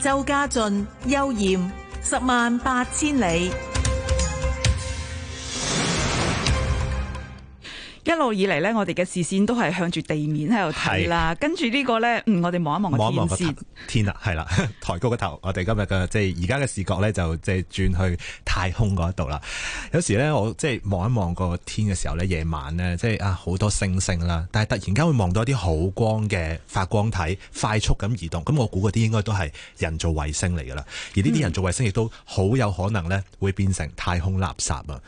周家俊、悠艷，十萬八千里。一路以嚟咧，我哋嘅視線都係向住地面喺度睇啦。跟住是呢個咧，嗯，我哋望一望個天。望一望個 天，啊，天啦，係啦，抬高個頭。我哋今日嘅即係而家嘅視覺咧，就即係轉去太空嗰度啦。有時咧，我即係望一望個天嘅時候咧，夜晚咧，即係啊，好多星星啦。但係突然間會望到一啲好光嘅發光體快速咁移動，咁我估嗰啲應該都係人造衛星嚟噶啦。而呢啲人造衛星亦都好有可能咧，會變成太空垃圾啊。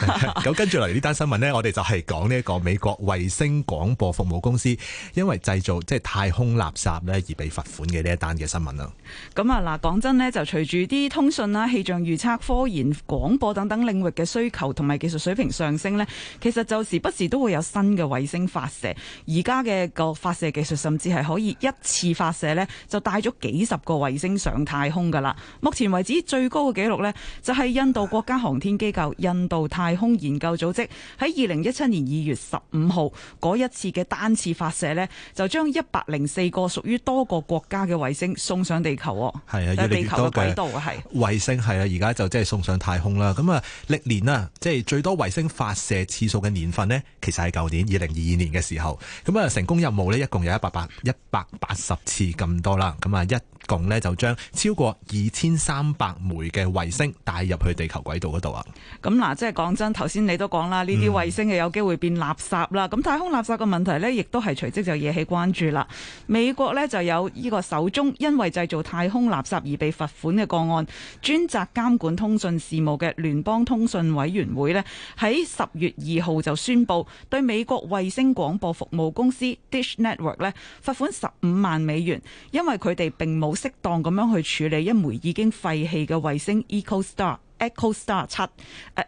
咁跟住嚟呢單新聞呢，我哋就係講呢一個美國衛星廣播服務公司，因為製造即係太空垃圾而被罰款嘅呢一單嘅新聞啦。咁啊嗱，講真呢，就隨住啲通訊啦、氣象預測、科研、廣播等等領域嘅需求同埋技術水平上升呢，其實就時不時都會有新嘅衛星發射。而家嘅個發射技術甚至係可以一次發射呢，就帶咗幾十個衛星上太空噶啦。目前為止最高嘅紀錄呢就係印度國家航天機構印度。太空研究組織喺二零一七年二月十五號嗰一次嘅單次發射呢，就將一百零四個屬於多個國家嘅衛星送上地球。係啊，越嚟越多軌道是衛星啊，係衛星係啊，而家就即係送上太空啦。咁啊，歷年啊，即係最多衛星發射次數嘅年份呢，其實係舊年二零二二年嘅時候。咁啊，成功任務呢，一共有一百八一百八十次咁多啦。咁啊，一共呢，就將超過二千三百枚嘅衛星帶入去地球軌道嗰度啊。咁嗱、嗯，即係。講真，頭先你都講啦，呢啲衛星係有機會變垃圾啦。咁太空垃圾嘅問題呢，亦都係隨即就惹起關注啦。美國呢就有呢個首宗因為製造太空垃圾而被罰款嘅個案。專責監管通訊事務嘅聯邦通訊委員會呢，喺十月二號就宣布對美國衛星廣播服務公司 Dish Network 呢罰款十五萬美元，因為佢哋並冇適當咁樣去處理一枚已經廢棄嘅衛星 EcoStar。Echo Star 七，誒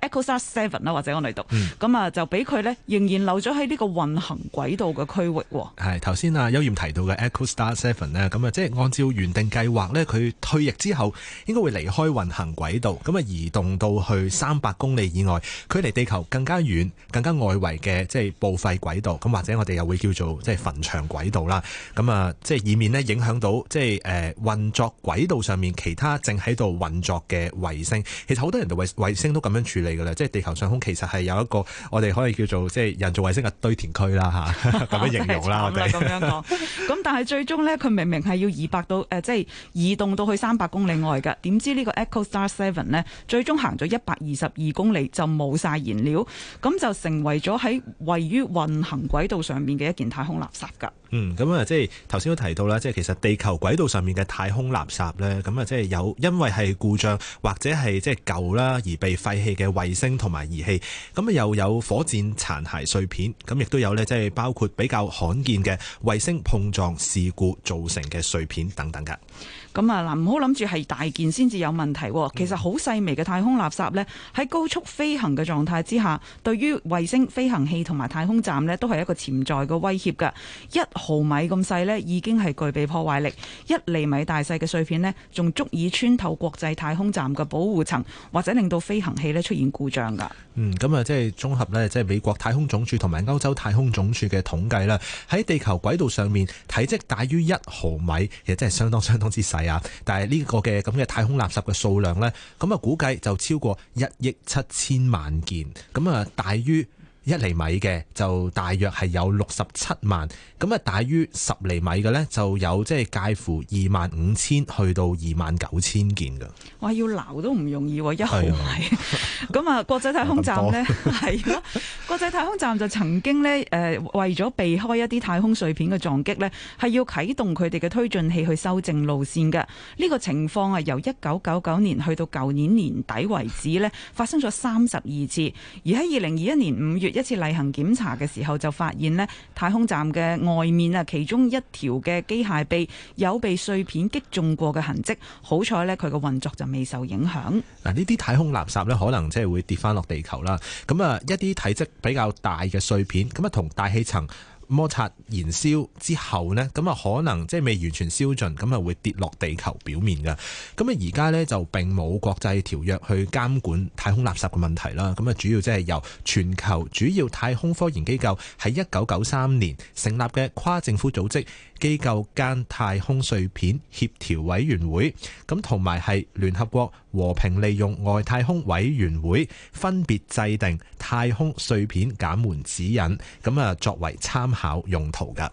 Echo Star Seven 啦，或者我嚟讀，咁啊就俾佢咧仍然留咗喺呢個運行軌道嘅區域，嗯。係頭先啊邱艷提到嘅 Echo Star Seven 咧，咁啊即係按照原定計劃咧，佢退役之後應該會離開運行軌道，咁啊移動到去三百公里以外，佢離地球更加遠，更加外圍嘅即係報廢軌道，咁或者我哋又會叫做即係墳場軌道啦，咁啊即係以免咧影響到即係誒運作軌道上面其他正喺度運作嘅衛星。好多人嘅衛衛星都咁樣處理㗎啦，即係地球上空其實係有一個我哋可以叫做即係人造衛星嘅堆填區啦嚇，咁樣形容啦， 我哋們咁樣講。咁 但係最終咧，佢明明係要二百到誒，即係移動到去三百公里外㗎。點知呢個 Echo Star Seven 咧，最終行咗一百二十二公里就冇晒燃料，咁就成為咗喺位於運行軌道上面嘅一件太空垃圾㗎。嗯，咁啊，即係頭先都提到啦，即係其實地球軌道上面嘅太空垃圾咧，咁啊，即係有因為係故障或者係即係。舊啦而被廢棄嘅衛星同埋儀器，咁啊又有火箭殘骸碎片，咁亦都有咧，即係包括比較罕見嘅衛星碰撞事故造成嘅碎片等等噶。咁啊嗱，唔好諗住係大件先至有問題，啊，其實好細微嘅太空垃圾呢，喺高速飛行嘅狀態之下，對於衛星飛行器同埋太空站呢，都係一個潛在嘅威脅噶。一毫米咁細呢，已經係具備破壞力；一厘米大細嘅碎片呢，仲足以穿透國際太空站嘅保護層。或者令到飛行器咧出現故障噶，嗯，咁啊，即係綜合呢即係美國太空總署同埋歐洲太空總署嘅統計啦，喺地球軌道上面體積大於一毫米，其實真係相當相當之細啊，但係、這、呢個嘅咁嘅太空垃圾嘅數量呢，咁啊估計就超過一億七千萬件，咁啊大於，一厘米嘅就大約係有六十七萬，咁啊大於十厘米嘅咧就有即係介乎二萬五千去到二萬九千件噶。哇！要撈都唔容易喎，啊，一毫米。咁啊、哎呀， 國際太空站咧係咯，國際太空站就曾經咧誒為咗避開一啲太空碎片嘅撞擊咧，係要啟動佢哋嘅推進器去修正路線嘅。呢、呢個情況啊，由一九九九年到去到舊年年底為止咧，發生咗三十二次。而喺二零二一年五月。一次例行檢查嘅時候就發現咧，太空站嘅外面啊，其中一條嘅機械臂有被碎片擊中過嘅痕跡。好彩咧，佢嘅運作就未受影響。嗱，呢啲太空垃圾咧，可能即係會跌返落地球啦。咁啊，一啲體積比較大嘅碎片，咁啊，同大氣層。摩擦燃燒之後呢，咁啊可能即係未完全燒盡，咁啊會跌落地球表面嘅。咁啊而家呢，就並冇國際條約去監管太空垃圾嘅問題啦。咁啊主要即係由全球主要太空科研機構喺一九九三年成立嘅跨政府組織，機構間太空碎片協調委員會，咁同埋係聯合國和平利用外太空委員會分別制定太空碎片減緩指引，咁啊作為參考用途㗎。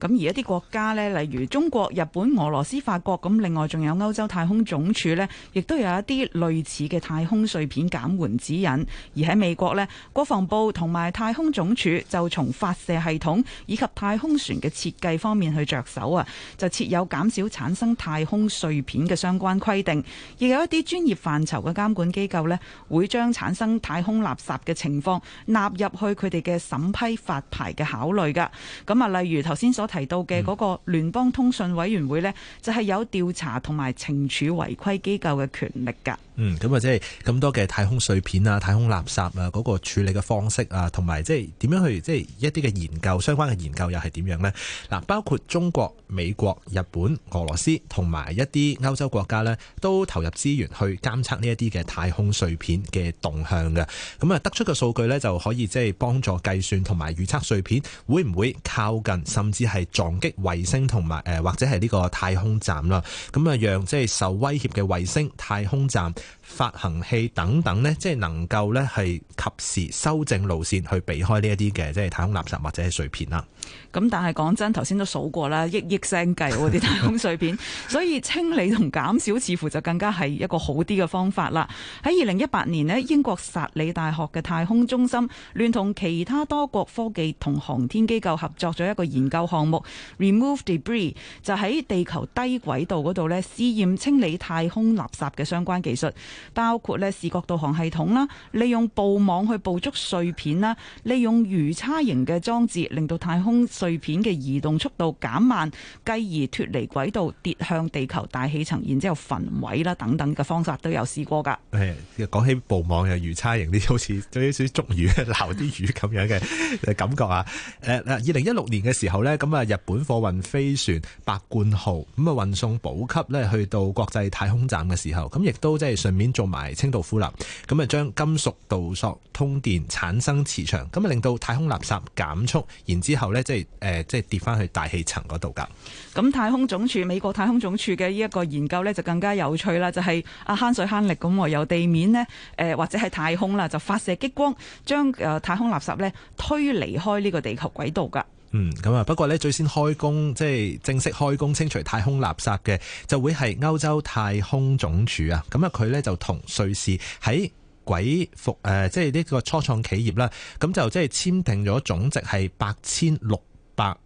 咁而一啲國家呢，例如中國、日本、俄羅斯、法國，咁另外仲有歐洲太空總署呢，亦都有一啲類似嘅太空碎片減緩指引。而喺美國呢，國防部同埋太空總署就從發射系統以及太空船嘅設計方面去着手啊，就設有減少產生太空碎片嘅相關規定。亦有一啲專業範疇嘅監管機構呢，會將產生太空垃圾嘅情況納入去佢哋嘅審批發牌嘅考慮㗎。咁啊，例如頭先所提到嘅嗰個聯邦通訊委員會咧，就係、是、有調查同埋懲處違規機構嘅權力噶。嗯，咁啊，即係咁多嘅太空碎片啊、太空垃圾啊，嗰、那個處理嘅方式啊，同埋即係點樣去即係、就是、一啲嘅研究，相關嘅研究又係點樣咧？嗱，包括中國、美國、日本、俄羅斯同埋一啲歐洲國家咧，都投入資源去監測呢一啲嘅太空碎片嘅動向嘅。咁、嗯、啊，得出嘅數據咧就可以即係幫助計算同埋預測碎片會唔會靠近，甚至。係撞擊衛星同埋誒，或者係呢個太空站啦，咁啊讓即係受威脅嘅衛星、太空站、發行器等等咧，即係能夠咧係及時修正路線去避開呢一啲嘅即係太空垃圾或者係碎片啦。咁但係講真，頭先都數過啦，億億聲計嗰啲太空碎片， 所以清理同減少似乎就更加係一個好啲嘅方法啦。喺二零一八年咧，英國薩里大學嘅太空中心聯同其他多國科技同航天機構合作咗一個研究項。目 Remove Debris 就喺地球低軌道度咧，試驗清理太空垃圾嘅相關技術，包括咧視覺導航系統啦，利用布網去捕捉碎片啦，利用魚叉形嘅裝置令到太空碎片嘅移動速度減慢，繼而脱離軌道跌向地球大氣層，然之後焚毀啦等等嘅方法都有試過噶。係講起布網又魚叉形啲好似都有少少捉魚、撈啲魚咁樣嘅感覺啊！誒誒，二零一六年嘅時候咧咁。日本貨運飛船白冠號咁啊，運送補給去到國際太空站嘅時候，咁亦都即係順便做埋清道夫啦。咁啊，將金屬導索通電產生磁場，咁啊令到太空垃圾減速，然之後即係誒即係跌翻去大氣層嗰度噶。咁太空總署美國太空總署嘅呢一個研究就更加有趣啦，就係啊慳水慳力咁，由地面誒、呃、或者係太空啦，就發射激光，將誒太空垃圾推離開呢個地球軌道噶。嗯，咁啊，不過咧，最先開工即係、就是、正式開工清除太空垃圾嘅，就會係歐洲太空總署啊。咁啊，佢咧就同瑞士喺鬼服誒，即係呢個初創企業啦。咁就即係簽訂咗總值係八千六百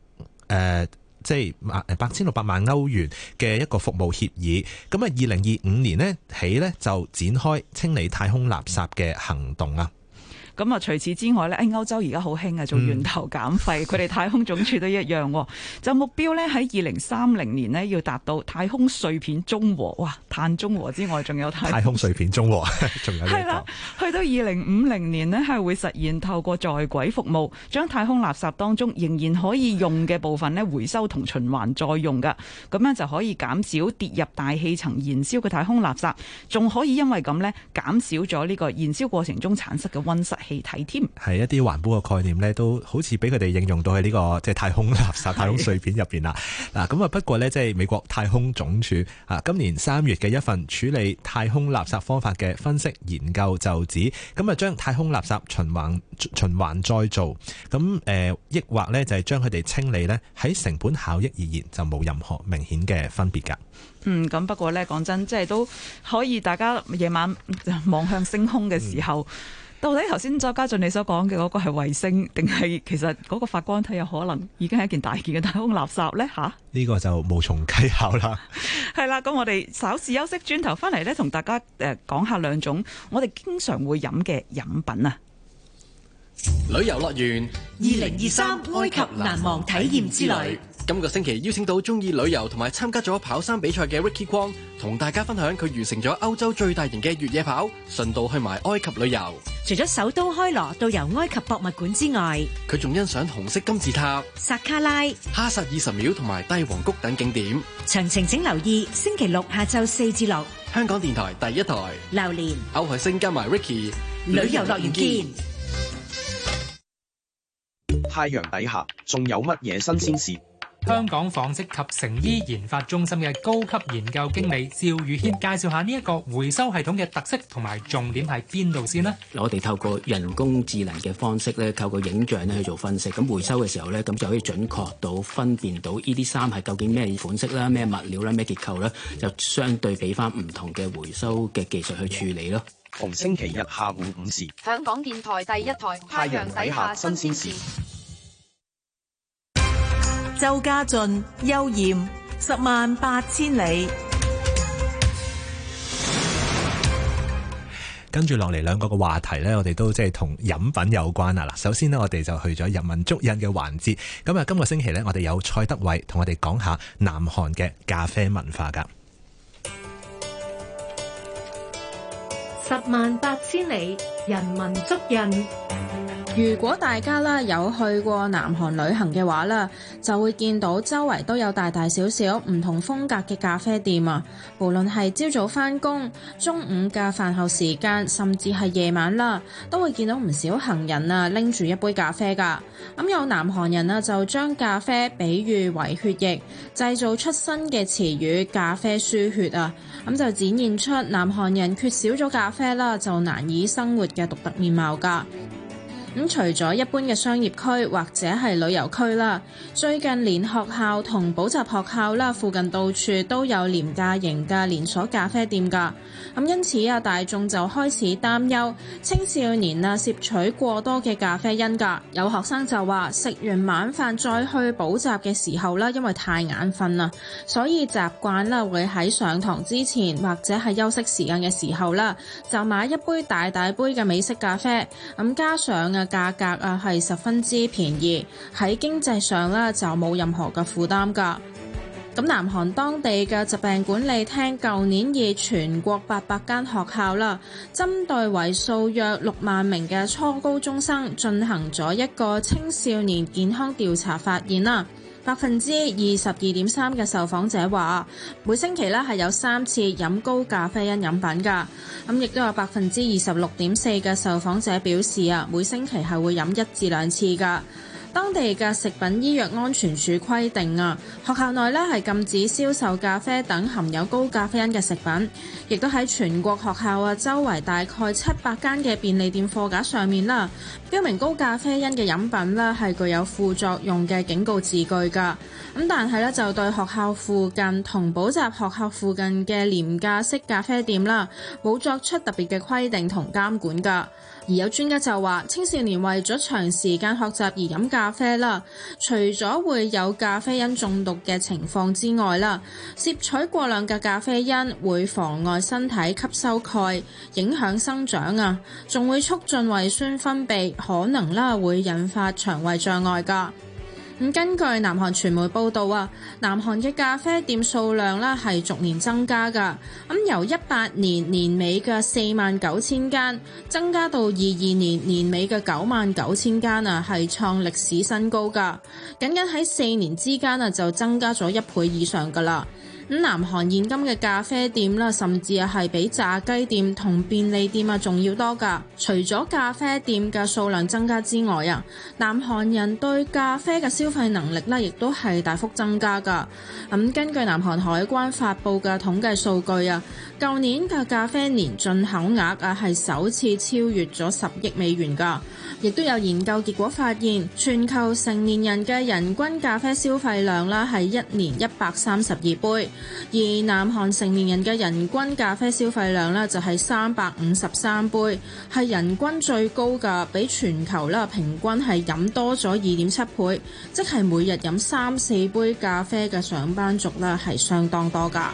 誒，即係八千六百萬歐元嘅一個服務協議。咁啊，二零二五年呢起呢，就展開清理太空垃圾嘅行動啊！咁啊，除此之外咧，誒，歐洲而家好興啊，做源頭減廢，佢哋、嗯、太空總署都一樣， 就目標咧，喺二零三零年咧，要達到太空碎片中和。哇，碳中和之外，仲有太空碎片中和，仲 有一個。去到二零五零年咧，係會實現透過在軌服務將太空垃圾當中仍然可以用嘅部分咧回收同循環再用噶。咁樣就可以減少跌入大氣層燃燒嘅太空垃圾，仲可以因為，咁咧減少咗呢個燃燒過程中產生嘅溫室。氣體添，係一啲環保嘅概念呢都好似俾佢哋應用到喺、這、呢個即係、就是、太空垃圾、太空碎片入邊啦。嗱咁是啊，不過呢，即、就、係、是、美國太空總署啊，今年三月嘅一份處理太空垃圾方法嘅分析研究就指咁啊，將太空垃圾循環循環再做咁誒，抑、啊呃、或呢，就係將佢哋清理呢，喺成本效益而言就冇任何明顯嘅分別㗎。嗯，咁不過呢，講真即係都可以，大家夜晚、呃、望向星空嘅時候。嗯到底頭先再加進你所講嘅嗰個係衛星，定係其實嗰個發光體有可能已經係一件大件嘅太空垃圾呢？吓、啊，呢個就無從稽考啦。係啦，咁我哋稍事休息，轉頭翻嚟呢，同大家誒講下兩種我哋經常會飲嘅飲品啊。旅遊樂園二零二三埃及難忘體驗之旅。今個星期邀請到中意旅遊同埋參加咗跑山比賽嘅 Ricky Kwong，同大家分享佢完成咗歐洲最大型嘅越野跑，順道去埋埃及旅遊。除咗首都開羅到遊埃及博物館之外，佢仲欣賞紅色金字塔、薩卡拉、哈薩爾神廟同埋帝王谷等景點。詳情請留意星期六下晝四至六，香港電台第一台。流年，歐海星加埋 Ricky，旅遊樂園見。太陽底下仲有乜嘢新鮮事？香港紡織及成衣研發中心嘅高級研究經理趙宇謙介紹下呢一個回收系統嘅特色同埋重點係邊度先咧？我哋透過人工智能嘅方式咧，透過影像咧去做分析，咁回收嘅時候咧，咁就可以準確到分辨到呢啲衫係究竟咩款式啦，咩物料啦，咩結構啦，就相對俾翻唔同嘅回收嘅技術去處理咯。逢星期日下午五時，香港電台第一台，太陽底下新鮮事。周家俊、悠艷，十萬八千里。跟住落嚟兩個嘅話題呢，我哋都即係同飲品有關啊！嗱，首先呢，我哋就去咗人文足印嘅環節。咁啊，今個星期呢，我哋有蔡德蕙同我哋講下南韓嘅咖啡文化噶。十萬八千里，人文足印。如果大家啦有去過南韓旅行嘅話啦，就會見到周圍都有大大小小唔同風格嘅咖啡店啊。無論係朝早翻工、中午嘅飯後時間，甚至係夜晚啦，都會見到唔少行人啊拎住一杯咖啡噶。咁有南韓人啊，就將咖啡比喻為血液，製造出新嘅詞語“咖啡輸血”啊。咁就展現出南韓人缺少咗咖啡，啡啦，就難以生活嘅獨特面貌噶。咁除咗一般嘅商業區或者係旅遊區啦，最近連學校同補習學校啦，附近到處都有廉價型嘅連鎖咖啡店㗎。咁因此啊，大眾就開始擔憂青少年啊攝取過多嘅咖啡因㗎。有學生就話：食完晚飯再去補習嘅時候啦，因為太眼瞓啦，所以習慣啦會喺上堂之前或者係休息時間嘅時候啦，就買一杯大大杯嘅美式咖啡咁加上啊。價格啊，係十分之便宜，喺經濟上咧就冇任何嘅負擔㗎。咁南韓當地嘅疾病管理廳舊年以全國八百間學校啦，針對為數約六萬名嘅初高中生進行咗一個青少年健康調查，發現啦，百分之二十二點三嘅受訪者話，每星期咧係有三次飲高咖啡因飲品㗎。咁亦都有百分之二十六點四嘅受訪者表示啊，每星期係會飲一至兩次㗎。當地嘅食品醫藥安全署規定啊，學校內咧係禁止銷售咖啡等含有高咖啡因嘅食品，亦都喺全國學校啊周圍大概七百間嘅便利店貨架上面啦，標明高咖啡因嘅飲品咧係具有副作用嘅警告字句㗎。咁但係咧就對學校附近同補習學校附近嘅廉價式咖啡店啦，冇作出特別嘅規定同監管㗎。而有專家就話，青少年為咗長時間學習而飲咖啡啦，除咗會有咖啡因中毒嘅情況之外啦，攝取過量嘅咖啡因會妨礙身體吸收鈣，影響生長啊，仲會促進胃酸分泌，可能啦會引發腸胃障礙㗎。咁根據南韓傳媒報道啊，南韓嘅咖啡店數量呢係逐年增加㗎，咁由一八年年尾嘅四萬九千間，增加到二二年年尾嘅九萬九千間啊，係創歷史新高㗎，僅僅喺四年之間啊就增加咗一倍以上㗎啦。咁南韓現今嘅咖啡店啦，甚至啊係比炸雞店同便利店啊仲要多㗎。除咗咖啡店嘅數量增加之外啊，南韓人對咖啡嘅消費能力啦，亦都係大幅增加㗎。咁根據南韓海關發布嘅統計數據啊，舊年嘅咖啡年進口額啊，係首次超越咗十億美元㗎。亦都有研究結果發現，全球成年人嘅人均咖啡消費量啦，係一年一百三十二杯；而南韓成年人嘅人均咖啡消費量呢，就係三百五十三杯，係人均最高㗎，比全球啦平均係飲多咗二點七倍，即係每日飲三四杯咖啡嘅上班族啦，係相當多㗎。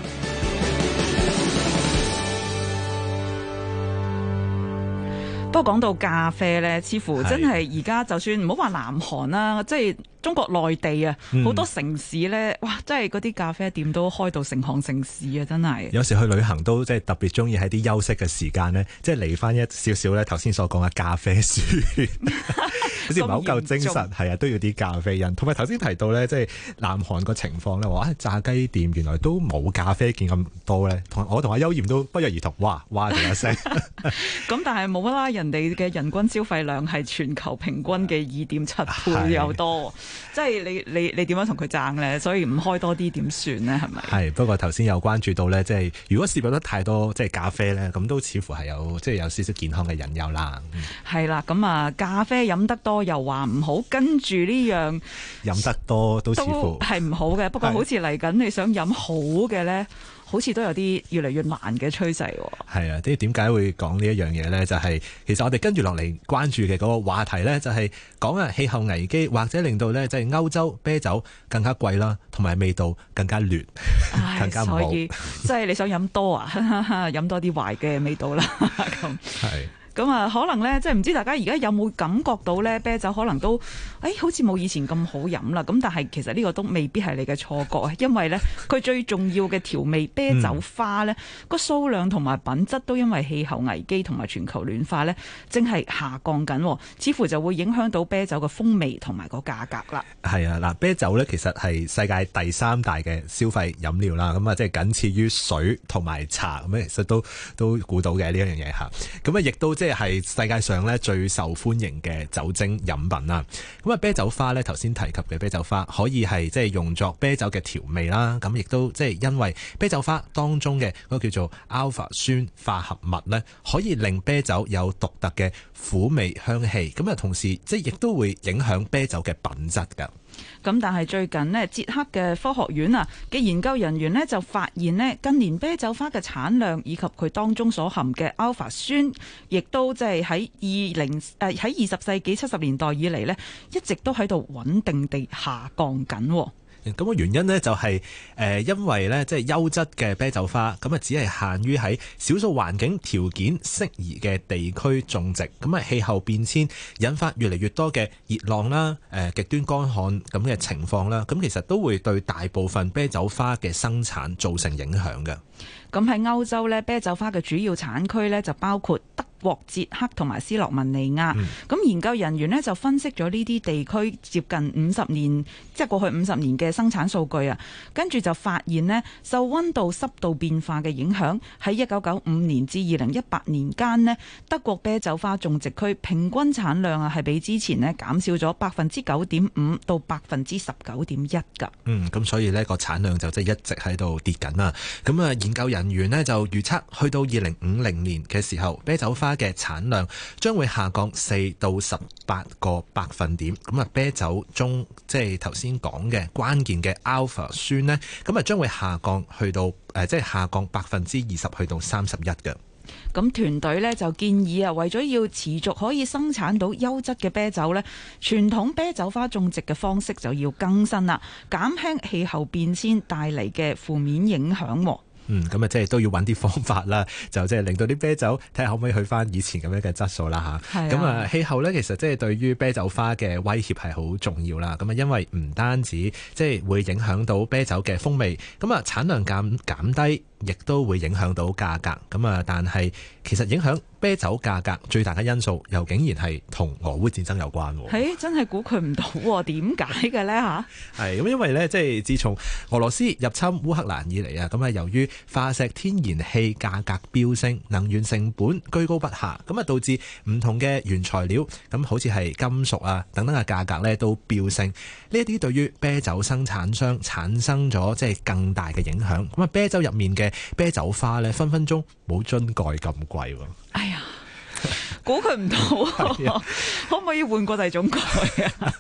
不過講到咖啡呢，似乎真係而家就算唔好話南韓啦，是即係中國內地啊，好、嗯、多城市呢，哇！即係嗰啲咖啡店都開到成行成市啊，真係。有時去旅行都即係特別中意喺啲休息嘅時間呢，即係嚟翻一少少呢頭先所講嘅咖啡書 好似唔係好夠精神，係啊，都要啲咖啡因。同埋頭先提到咧，即係南韓個情況咧，話、哎、炸雞店原來都冇咖啡店咁多咧。同我同阿優賢都不約而同，哇哇一聲。咁 但係冇啦，人哋嘅人均消費量係全球平均嘅二點七倍又多，即係的你你你點樣同佢爭咧？所以唔開多啲點算咧？係咪？係不過頭先有關注到咧，即係如果攝入得太多即係咖啡咧，咁都似乎係有即係、就是、有少少健康嘅引誘啦。係、嗯、啦，咁啊咖啡飲得多。又話唔好，跟住呢樣飲得多都似乎係唔好嘅。不過好似嚟緊你想飲好嘅呢，的好似都有啲越嚟越難嘅趨勢。係啊，即係點解會講呢一樣嘢呢？就係、是、其實我哋跟住落嚟關注嘅嗰個話題呢、就是，就係講啊氣候危機，或者令到呢，就係歐洲啤酒更加貴啦，同埋味道更加劣，唉更加唔好。即係你想飲多啊，飲 多啲壞嘅味道啦。咁 係樣。咁啊，可能呢，即係唔知大家而家有冇感覺到呢？啤酒可能都，誒，好似冇以前咁好飲啦。咁但係其實呢個都未必係你嘅錯覺，因為呢，佢最重要嘅調味啤酒花呢，個、嗯、數量同埋品質都因為氣候危機同埋全球暖化呢，正係下降緊，似乎就會影響到啤酒嘅風味同埋個價格啦。係啊，嗱，啤酒呢，其實係世界第三大嘅消費飲料啦，咁啊，即係僅次於水同埋茶，咁其實都都估到嘅呢一樣嘢吓。咁啊，亦都即係世界上咧最受歡迎嘅酒精飲品啦，咁啊，啤酒花咧，頭先提及嘅啤酒花可以係即係用作啤酒嘅調味啦，咁亦都即係因為啤酒花當中嘅嗰個叫做 α 酸化合物咧，可以令啤酒有獨特嘅苦味香氣，咁啊同時即係亦都會影響啤酒嘅品質㗎。咁但係最近呢，捷克嘅科學院啊嘅研究人員呢，就發現呢，近年啤酒花嘅產量以及佢當中所含嘅 alpha 酸，亦都即係喺二零誒喺二十世紀七十年代以嚟呢，一直都喺度穩定地下降緊喎。咁個原因呢，就係誒，因為呢，即係優質嘅啤酒花，咁啊，只係限於喺少數環境條件適宜嘅地區種植。咁啊，氣候變遷引發越嚟越多嘅熱浪啦、誒極端乾旱咁嘅情況啦。咁其實都會對大部分啤酒花嘅生產造成影響嘅。咁喺歐洲呢，啤酒花嘅主要產區呢，就包括德獲捷克同埋斯洛文尼亞，咁、嗯、研究人員呢，就分析咗呢啲地區接近五十年，即、就、係、是、過去五十年嘅生產數據啊，跟住就發現呢，受溫度濕度變化嘅影響，喺一九九五年至二零一八年間呢，德國啤酒花種植區平均產量啊，係比之前咧減少咗百分之九點五到百分之十九點一噶。嗯，咁所以呢個產量就即係一直喺度跌緊啊。咁啊，研究人員呢，就預測去到二零五零年嘅時候，啤酒花。嘅產量將會下降四到十八個百分點，咁啊，啤酒中即係頭先講嘅關鍵嘅 alpha 酸呢，咁啊將會下降去到誒，即係下降百分之二十去到三十一嘅。咁團隊呢，就建議啊，為咗要持續可以生產到優質嘅啤酒呢，傳統啤酒花種植嘅方式就要更新啦，減輕氣候變遷帶嚟嘅負面影響。嗯，咁啊，即係都要揾啲方法啦，就即係令到啲啤酒睇下可唔可以去翻以前咁樣嘅質素啦吓。咁啊，氣候咧其實即係對於啤酒花嘅威脅係好重要啦。咁啊，因為唔單止即係會影響到啤酒嘅風味，咁啊產量減減低。亦都會影響到價格咁啊，但係其實影響啤酒價格最大嘅因素，又竟然係同俄烏戰爭有關喎，欸。真係估佢唔到，點解嘅呢？吓，係咁，因為呢，即係自從俄羅斯入侵烏克蘭以嚟啊，咁啊，由於化石天然氣價格飆升，能源成本居高不下，咁啊，導致唔同嘅原材料，咁好似係金屬啊等等嘅價格呢都飆升。呢一啲對於啤酒生產商產生咗即係更大嘅影響。咁啊，啤酒入面嘅啤酒花呢，分分鐘冇樽蓋咁貴喎。哎呀！估佢唔到，啊、可唔可以換過第二種呀？係啊，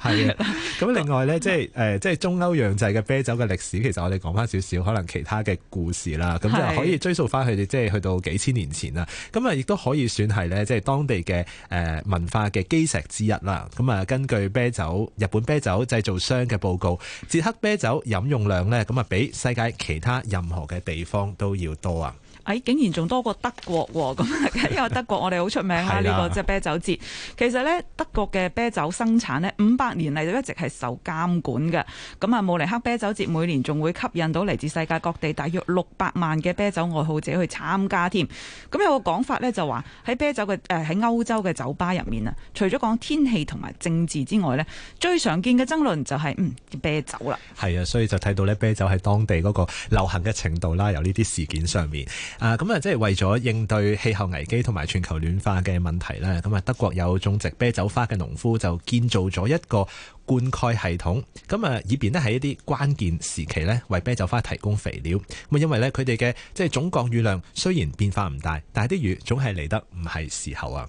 咁、啊啊、另外咧那，即係誒，即係中歐釀製嘅啤酒嘅歷史，其實我哋講翻少少，可能其他嘅故事啦，咁就可以追溯翻佢哋，是即係去到幾千年前啦。咁啊，亦都可以算係咧，即、就、係、是、當地嘅誒、呃、文化嘅基石之一啦。咁啊，根據啤酒日本啤酒製造商嘅報告，捷克啤酒飲用量咧，咁啊，比世界其他任何嘅地方都要多啊！喺、哎、竟然仲多過德國喎，咁 因為德國我哋好出名啦，呢個即係啤酒節。是啊、其實呢，德國嘅啤酒生產呢，五百年嚟就一直係受監管嘅。咁、嗯、啊，慕尼黑啤酒節每年仲會吸引到嚟自世界各地大約六百萬嘅啤酒愛好者去參加添。咁、嗯、有個講法呢，就話喺啤酒嘅喺、呃、歐洲嘅酒吧入面啊，除咗講天氣同埋政治之外呢，最常見嘅爭論就係、是、嗯啤酒啦。係啊，所以就睇到呢，啤酒喺當地嗰個流行嘅程度啦，由呢啲事件上面。啊，咁啊，即係為咗應對氣候危機同埋全球暖化嘅問題咧，咁啊，德國有種植啤酒花嘅農夫就建造咗一個灌溉系統，咁啊，以便咧喺一啲關鍵時期呢，為啤酒花提供肥料。咁啊，因為呢，佢哋嘅即係總降雨量雖然變化唔大，但係啲雨總係嚟得唔係時候啊。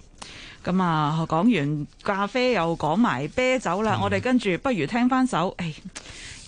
咁啊、嗯，講完咖啡又講埋啤酒啦，我哋跟住不如聽翻首誒。